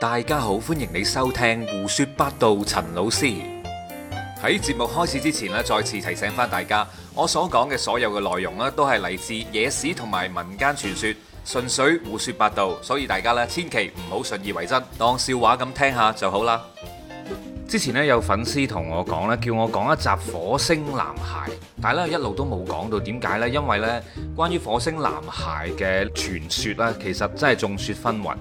大家好，歡迎你收聽胡說八道。陳老師喺節目開始之前呢，再次提醒返大家，我所講嘅所有嘅內容呢，都係嚟自野史同埋民間傳說，純粹胡說八道，所以大家呢千祈唔好信以為真，當笑話咁聽下就好啦。之前呢有粉絲同我講呢，叫我講一集火星男孩，但係呢一路都冇講到，點解呢？因為呢關於火星男孩嘅傳說呢，其實真係眾說紛紜。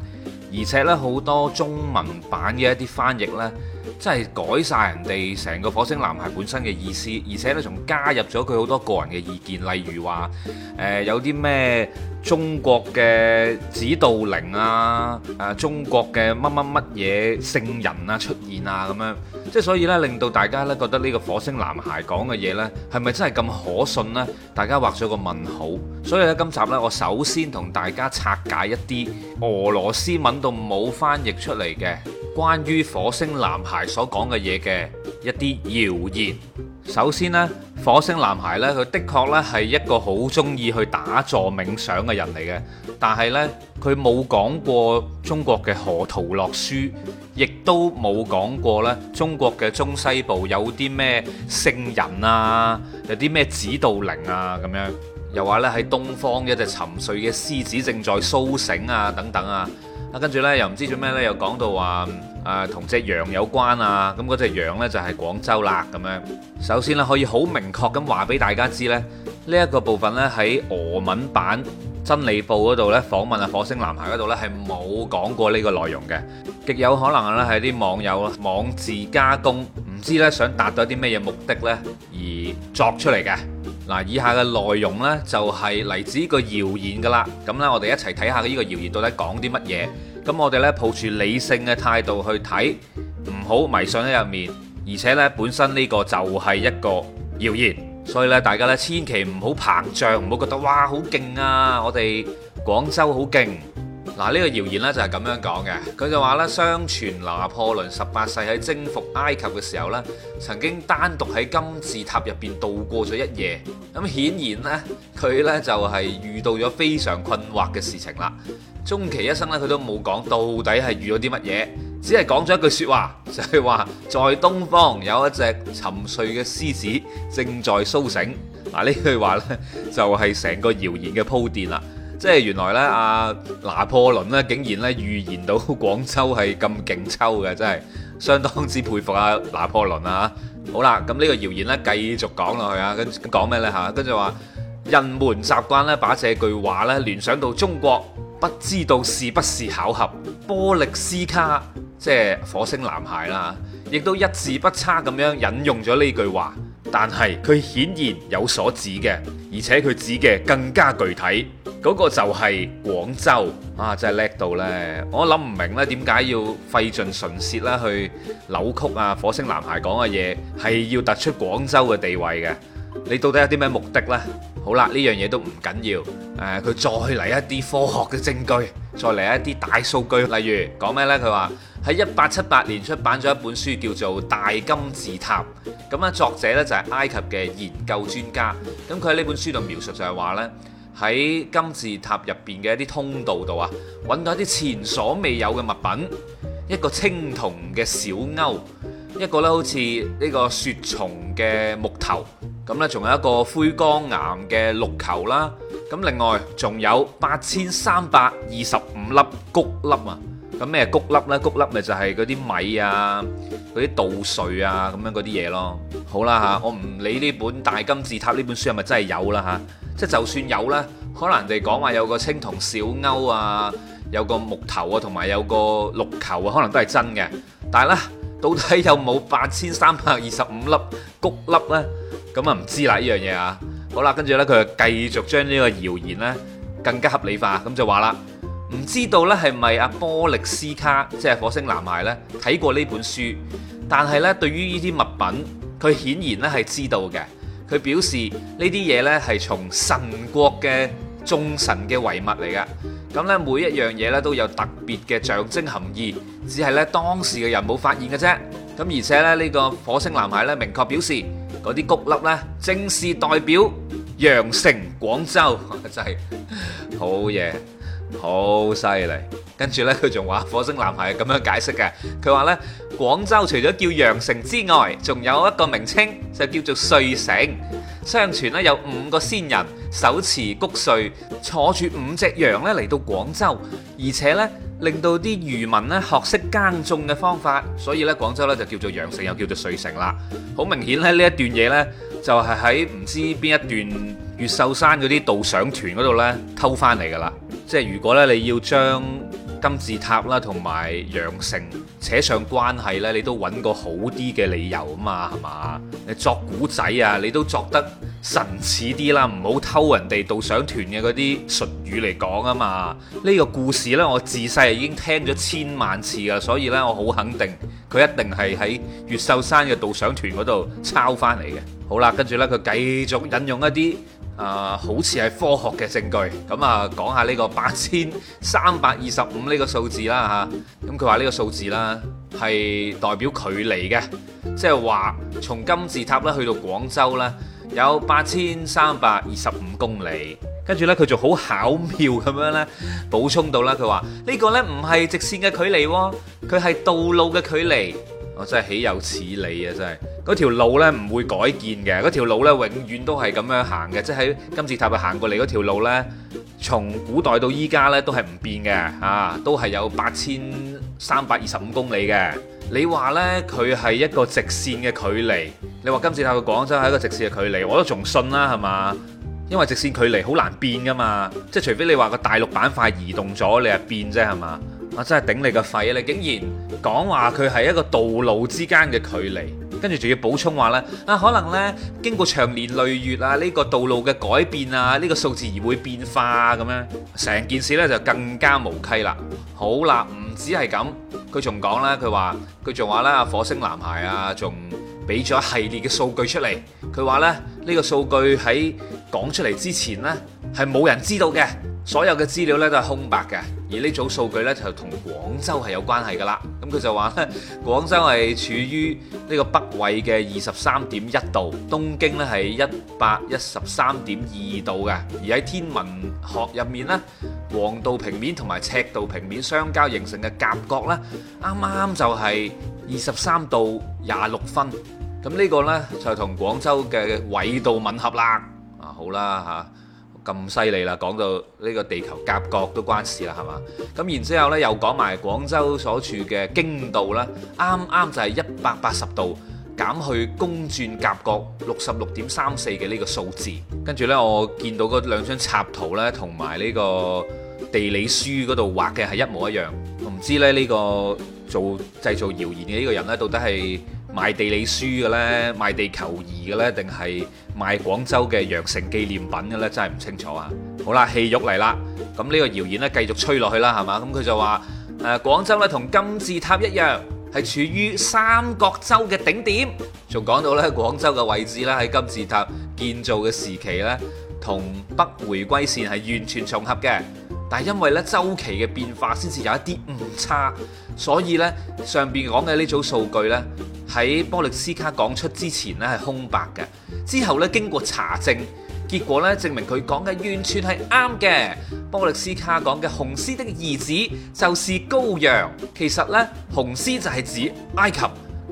而且咧，好多中文版嘅一啲翻譯咧。即係改晒人哋成個火星男孩本身嘅意思，而且咧仲加入咗佢好多個人嘅意見，例如話誒、呃、有啲咩中國嘅指導靈啊，誒、啊、中國嘅乜乜乜嘢聖人啊出現啊咁樣，即係所以咧令到大家咧覺得呢個火星男孩講嘅嘢咧係咪真係咁可信咧？大家畫咗個問號，所以咧今集咧我首先同大家拆解一啲俄羅斯文到冇翻譯出嚟嘅關於火星男孩。所講嘅嘢嘅一啲謠言。首先呢，火星男孩呢，佢的確呢係一個好中意去打坐冥想嘅人嚟嘅。但係呢，佢冇講過中國嘅河圖洛書，亦都冇講過呢中國嘅中西部有啲咩聖人啊，有啲咩指導靈啊咁樣。又話呢喺東方一隻沉睡嘅獅子正在蘇醒啊，等等啊。啊，跟住呢又唔知做咩呢，又講到話。啊，同隻羊有關啊，咁嗰隻羊咧就係廣州啦咁樣。首先咧可以好明確咁話俾大家知咧，呢一個部分咧喺俄文版《真理報》嗰度咧訪問啊火星男孩嗰度咧係冇講過呢個內容嘅，極有可能咧係啲網友妄自加工，唔知咧想達到一啲咩嘢目的咧而作出嚟嘅。嗱，以下嘅內容咧就係嚟自呢個謠言㗎啦。咁啦，我哋一齊睇下呢個謠言到底講啲乜嘢？咁我哋呢，抱住理性嘅態度去睇，唔好迷信喺入面，而且呢，本身呢個就係一個謠言，所以呢，大家呢，千祈唔好膨脹，唔好覺得哇好勁啊！我哋廣州好勁。嗱，呢個謠言咧就係咁樣講嘅，佢就話咧，相傳拿破崙十八世喺征服埃及嘅時候咧，曾經單獨喺金字塔入邊度過咗一夜。咁顯然呢，佢呢就係遇到咗非常困惑嘅事情啦。終其一生呢，佢都冇講到底係遇到啲乜嘢，只係講咗一句説話，就係話在東方有一隻沉睡嘅獅子正在蘇醒。嗱，呢句話呢，就係成個謠言嘅鋪墊啦。即係原來呢，阿、啊、拿破崙呢，竟然呢預言到廣州係咁勁抽嘅，真係相當之佩服阿、啊、拿破崙啊！好啦，咁、嗯、呢、這個謠言呢，繼續講落去啊，跟講咩呢？嚇、啊？跟住話，人們習慣呢把這句話呢聯想到中國，不知道是不是巧合？波力斯卡即係火星男孩啦，亦都一字不差咁樣引用咗呢句話。但係佢顯然有所指嘅，而且佢指嘅更加具體，嗰個就係廣州啊！真係叻到呢，我諗唔明呢，點解要費盡唇舌啦去扭曲啊？火星男孩講嘅嘢係要突出廣州嘅地位嘅，你到底有啲咩目的呢？好啦，呢樣嘢都唔緊要，誒，佢再嚟一啲科學嘅證據，再嚟一啲大數據，例如講咩呢？佢話。喺一八七八年出版咗一本書，叫做《大金字塔》。咁咧，作者呢，就係埃及嘅研究專家。咁佢喺呢本書度描述就係話呢，喺金字塔入邊嘅一啲通道度啊，揾到一啲前所未有嘅物品，一個青銅嘅小鈎，一個咧，好似呢個雪松嘅木頭。咁呢，仲有一個灰光岩嘅綠球啦。咁另外仲有八千三百二十五粒穀粒啊！咁咩穀粒咧？穀粒咪就係嗰啲米啊、嗰啲稻穗啊咁樣嗰啲嘢咯。好啦嚇，我唔理呢本《大金字塔》呢本書係咪真係有啦嚇，即係就算有啦，可能人哋講話有個青銅小鈎啊，有個木頭啊，同埋有個綠球啊，可能都係真嘅。但係咧，到底有冇八千三百二十五粒穀粒咧？咁啊唔知啦呢樣嘢啊。好啦，跟住咧佢就繼續將呢個謠言咧更加合理化，咁就話啦。唔知道咧，係咪阿波力斯卡即係火星男孩咧睇過呢本書？但係咧，對於呢啲物品，佢顯然咧係知道嘅。佢表示呢啲嘢咧係從神國嘅眾神嘅遺物嚟㗎。咁咧，每一樣嘢咧都有特別嘅象徵含義，只係咧當時嘅人冇發現嘅啫。咁而且咧，呢個火星男孩咧明確表示，嗰啲谷粒咧正是代表羊城廣州，真係好嘢。好犀利，跟住呢，佢仲話火星男孩係咁樣解釋嘅。佢話呢，廣州除咗叫羊城之外，仲有一個名稱就叫做穗城。相傳呢，有五個仙人手持谷穗，坐住五隻羊咧嚟到廣州，而且呢，令到啲漁民咧學識耕種嘅方法，所以呢，廣州呢，就叫做羊城，又叫做穗城啦。好明顯咧呢一段嘢呢。就係喺唔知邊一段越秀山嗰啲導賞團嗰度呢，偷返嚟㗎喇，即係如果呢，你要將，金字塔啦，同埋羊城扯上關係呢，你都揾個好啲嘅理由啊嘛，係嘛？你作古仔啊，你都作得神似啲啦，唔好偷人哋導賞團嘅嗰啲術語嚟講啊嘛。呢個故事呢，我自細已經聽咗千萬次啊，所以呢，我好肯定佢一定係喺越秀山嘅導賞團嗰度抄翻嚟嘅。好啦，跟住呢，佢繼續引用一啲。啊、呃，好似係科學嘅證據，咁、嗯、啊講下呢個八千三百二十五呢個數字啦吓，咁佢話呢個數字啦係代表距離嘅，即係話從金字塔咧去到廣州咧有八千三百二十五公里，跟住呢，佢就好巧妙咁樣呢補充到啦，佢話呢個呢唔係直線嘅距離喎，佢係道路嘅距離，我真係豈有此理啊真係！嗰條路呢唔會改建嘅，嗰條路呢永遠都係咁樣行嘅。即係金字塔佢行過嚟嗰條路呢，從古代到依家呢都係唔變嘅啊！都係有八千三百二十五公里嘅。你話呢，佢係一個直線嘅距離，你話金字塔到廣州係一個直線嘅距離，我都仲信啦，係嘛？因為直線距離好難變噶嘛，即係除非你話個大陸板塊移動咗，你就變啫，係嘛？我真係頂你個肺啊！你竟然講話佢係一個道路之間嘅距離。跟住仲要補充話呢，啊可能呢經過長年累月啊呢個道路嘅改變啊呢個數字而會變化咁樣，成件事呢，就更加無稽啦。好啦，唔止係咁，佢仲講啦，佢話佢仲話啦，火星男孩啊，仲俾咗系列嘅數據出嚟。佢話呢，呢個數據喺講出嚟之前呢，係冇人知道嘅，所有嘅資料呢，都係空白嘅。而呢組數據呢，就同廣州係有關係噶啦，咁佢就話咧廣州係處於呢個北緯嘅二十三點一度，東經呢係一百一十三點二度嘅，而喺天文學入面呢，黃道平面同埋赤道平面相交形成嘅夾角呢，啱啱就係二十三度廿六分，咁呢個呢，就同廣州嘅緯度吻合啦。啊，好啦嚇。啊咁犀利啦，講到呢個地球夾角都關事啦，係嘛？咁然之後呢，又講埋廣州所處嘅經度咧，啱啱就係一百八十度減去公轉夾角六十六點三四嘅呢個數字。跟住呢，我見到嗰兩張插圖呢，同埋呢個地理書嗰度畫嘅係一模一樣。唔知呢，呢、呢個做製造謠言嘅呢個人呢，到底係？賣地理書嘅咧，賣地球儀嘅咧，定係賣廣州嘅羊城紀念品嘅咧，真係唔清楚啊！好啦，戲肉嚟啦，咁呢個謠言咧繼續吹落去啦，係嘛？咁佢就話誒、呃、廣州咧同金字塔一樣係處於三角洲嘅頂點，仲講到咧廣州嘅位置咧，喺金字塔建造嘅時期咧同北迴歸線係完全重合嘅，但係因為咧周期嘅變化，先至有一啲誤差，所以咧上邊講嘅呢組數據咧。喺波力斯卡講出之前呢係空白嘅，之後呢，經過查證，結果呢證明佢講嘅完全係啱嘅。波力斯卡講嘅雄獅的兒子就是羔羊，其實呢，雄獅就係指埃及，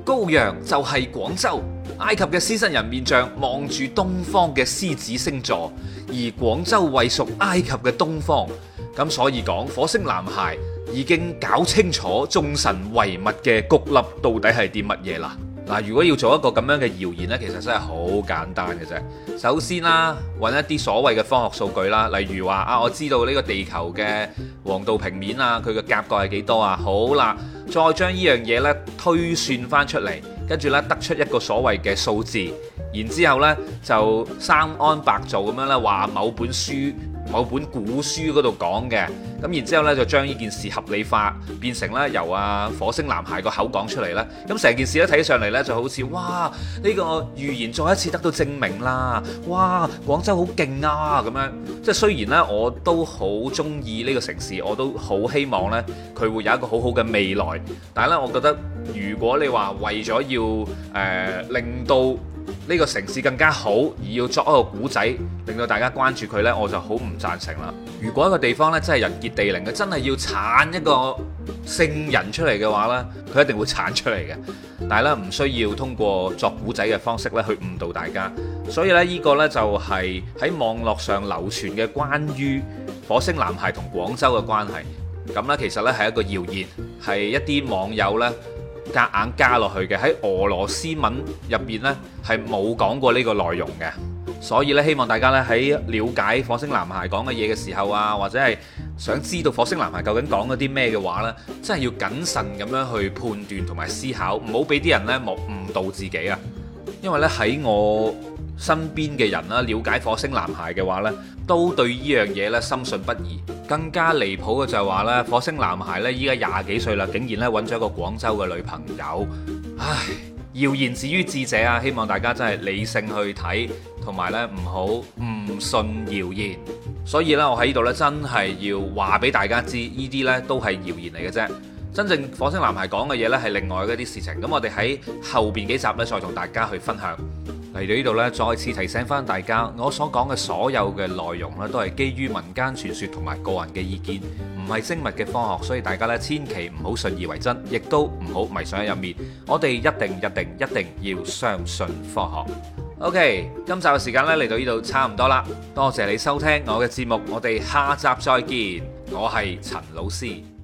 羔羊就係廣州。埃及嘅獅身人面像望住東方嘅獅子星座，而廣州位屬埃及嘅東方，咁所以講火星男孩。已經搞清楚眾神遺物嘅谷粒到底係啲乜嘢啦？嗱，如果要做一個咁樣嘅謠言呢，其實真係好簡單嘅啫。首先啦，揾一啲所謂嘅科學數據啦，例如話啊，我知道呢個地球嘅黃道平面啊，佢嘅夾角係幾多啊？好啦，再將呢樣嘢咧推算翻出嚟，跟住呢得出一個所謂嘅數字，然之後呢，就三安白做咁樣，呢話某本書，某本古書嗰度講嘅，咁然之後呢，就將呢件事合理化，變成啦由啊火星男孩個口講出嚟啦。咁成件事咧睇上嚟呢，就好似哇呢個預言再一次得到證明啦！哇廣州好勁啊咁樣，即係雖然呢，我都好中意呢個城市，我都好希望呢，佢會有一個好好嘅未來。但係咧，我覺得如果你話為咗要誒、呃、令到，呢個城市更加好，而要作一個古仔令到大家關注佢呢，我就好唔贊成啦。如果一個地方呢，真係人傑地靈嘅，真係要產一個聖人出嚟嘅話呢，佢一定會產出嚟嘅。但係咧，唔需要通過作古仔嘅方式咧去誤導大家。所以呢，呢個呢就係喺網絡上流傳嘅關於火星男孩同廣州嘅關係。咁呢，其實呢係一個謠言，係一啲網友呢。夾硬加落去嘅，喺俄羅斯文入邊呢，係冇講過呢個內容嘅，所以呢，希望大家呢，喺了解火星男孩講嘅嘢嘅時候啊，或者係想知道火星男孩究竟講咗啲咩嘅話呢，真係要謹慎咁樣去判斷同埋思考，唔好俾啲人呢矇誤導自己啊，因為呢，喺我。身邊嘅人啦，瞭解火星男孩嘅話呢，都對呢樣嘢呢深信不疑。更加離譜嘅就係話呢，火星男孩呢依家廿幾歲啦，竟然呢揾咗一個廣州嘅女朋友。唉，謠言止於智者啊！希望大家真係理性去睇，同埋呢唔好唔信謠言。所以呢，我喺呢度呢真係要話俾大家知，呢啲呢都係謠言嚟嘅啫。真正火星男孩講嘅嘢呢係另外一啲事情。咁我哋喺後邊幾集呢，再同大家去分享。嚟到呢度呢，再次提醒翻大家，我所講嘅所有嘅內容咧，都係基於民間傳說同埋個人嘅意見，唔係精密嘅科學，所以大家咧千祈唔好信以為真，亦都唔好迷上喺入面。我哋一定一定一定要相信科學。OK，今集嘅時間咧嚟到呢度差唔多啦，多謝你收聽我嘅節目，我哋下集再見，我係陳老師。